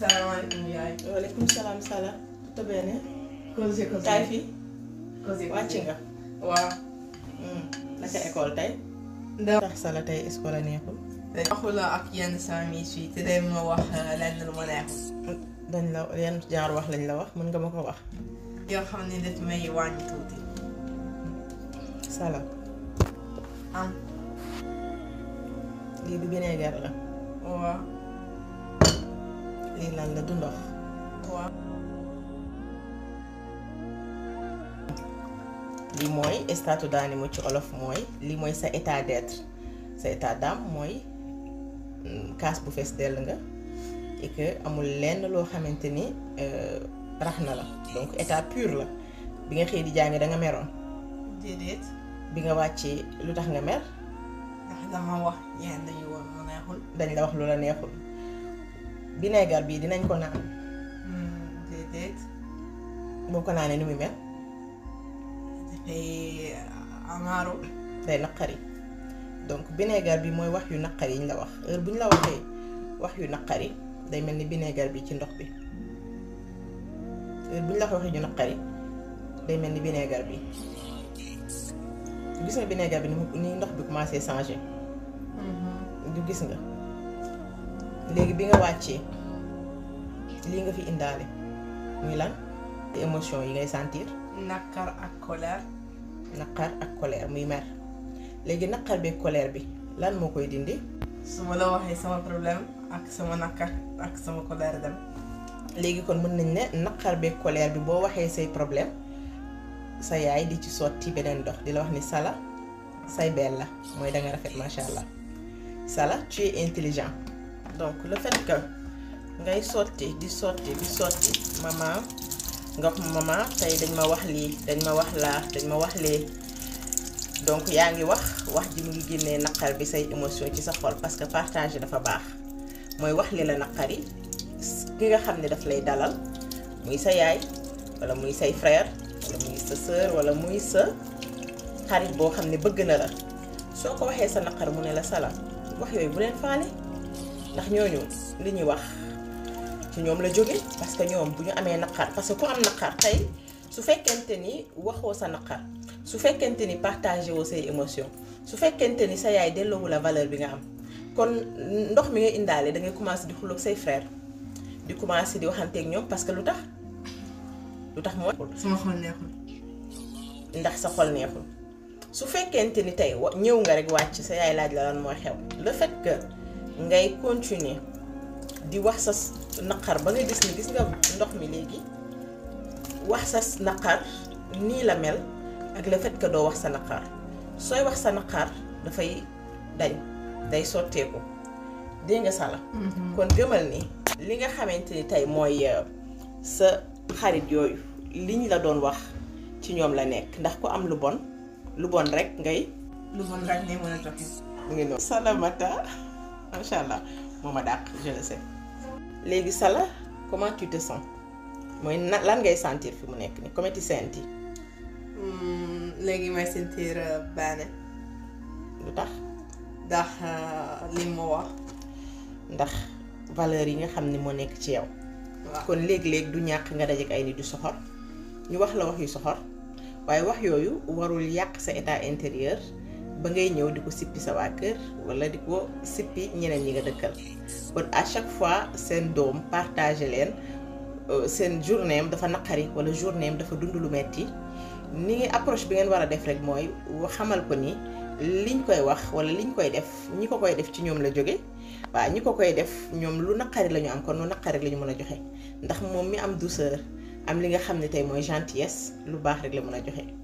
salaamaaleykum yaay. waaleykum salaam Sala. tout bene. Cosé Cosé wàcc nga. waaw. Hmm. naka école tey. ndax Sala tey école neexul. dañ waxula ak yenn saa mi si te day ma wax euh, lenn lu ma neexul. dañ la yenn jaar wax lañ la wax mën nga ma ko wax. yoo xam ne daf may wàññi tuuti. Sala. ah. lii du vinaigre la. waaw. lii lan la du ndox. waaw. lii mooy statut d'animo ci olof mooy lii mooy sa état d'être sa état d'âme mooy mm, kaas bu fees dell nga et amul lenn loo xamante ni euh, rax na la donc état pur la bi nga xëy di jàngi da nga meroon. bi nga wàccee lu tax nga mer. ndax dañ la wax lu la neexul. vinaigre bii dinañ ko naan. Hmm, déedéet. boo ko naanee nu muy mel. dafay euh, amaaru. day naqari donc vinaigre bi mooy wax yu naqar yi ñu la wax heure bu ñu la waxee wax yu naqari day mel ni vinaigre bi ci ndox bi heure bu ñu la waxee naqari day mel ni vinaigre bi gis nga vinaigre bi ni ndox bi commencé changé. du hmm, hmm. gis nga. léegi bi nga wàccee li nga fi indaale muy lan émotion yi ngay sentir. naqar ak colère. naqar ak colère muy mer léegi naqar beeg colère bi lan moo koy dindi. su ma la waxee sama problème ak sama naqar ak sama colère dem. léegi kon mën nañ ne naqar beeg colère bi boo waxee say problème sa yaay di ci sotti beneen dox di la wax ni sala say belle la mooy da rafet macha allah sala tu es intelligent. donc le fait que ngay sotti di sotti di sotti mama nga wax mama tey dañ ma wax lii dañ ma wax laa dañ ma wax lee donc yaa ngi wax wax ji mu ngi génnee naqar bi say émotion ci sa xol parce que partage dafa baax mooy wax li la naqari ki nga xam ne daf lay dalal muy sa yaay wala muy say frère wala muy sa sœur wala muy sa xarit boo xam ne bëgg na la soo ko waxee sa naqar mu ne la sala wax yooyu bu leen faale ndax ñooñu li ñuy wax ci ñoom la jóge parce que ñoom bu ñu amee naqar parce que ku am naqar tey su fekkente ni waxoo sa naqar su fekkente ni partagé woo say émotion su fekkente ni sa yaay delloo delloowu la valeur bi nga am kon ndox mi nga indaale da ngay commencé di xuloog say frère di commencé di waxanteeg ñoom parce que lu tax lu tax mooy. sama xol neexul. ndax sa xol neexul su fekkente ni tey ñëw nga rek wàcc sa yaay laaj la lan mooy xew ngay continuer di wax sa naqar ba nga gis ni gis nga ndox mi léegi wax sa naqar nii la mel ak le fait doo wax sa naqar sooy wax sa naqar dafay dañ day sotteeku dégg nga sala mhm. kon gëmal nii li nga xamante ni tey mooy euh, sa xarit yooyu liñ la doon wax ci ñoom la nekk ndax ko am lu bon lu bon rek ngay. lu bon rek ngay mën a toppee. salamata macha allah moo ma dàq je le sais. léegi Salah comment tu te sens mooy na lan ngay sentir fi mu nekk nii comment tu senti. Hmm, léegi may sentir euh, baane. lu tax. ndax euh, li moo wax. ndax valeur yi nga xam ni moo nekk ci yow. kon léegi léeg du ñàkk nga dajeek ay nit yu soxor ñu wax la wax yu soxor waaye wax yooyu warul yàq sa état intérieur. ba ngay ñëw di ko sippi sa waa kër walla di ko sippi ñeneen yi nga dëkkal kon à chaque fois seen doom partage leen euh, seen journée am dafa naqari wala journée am dafa dund lu metti ni ngi approche bi ngeen war a def rek mooy xamal ko ni liñ koy wax wala liñ koy def ñi ko koy def ci ñoom la jóge waaw ñi ko koy def ñoom lu naqari la ñu am kon lu naqari lañu mën a joxe ndax moom mi am douceur am li nga xam ne tey mooy gentillesse lu baax rek la mën a joxe.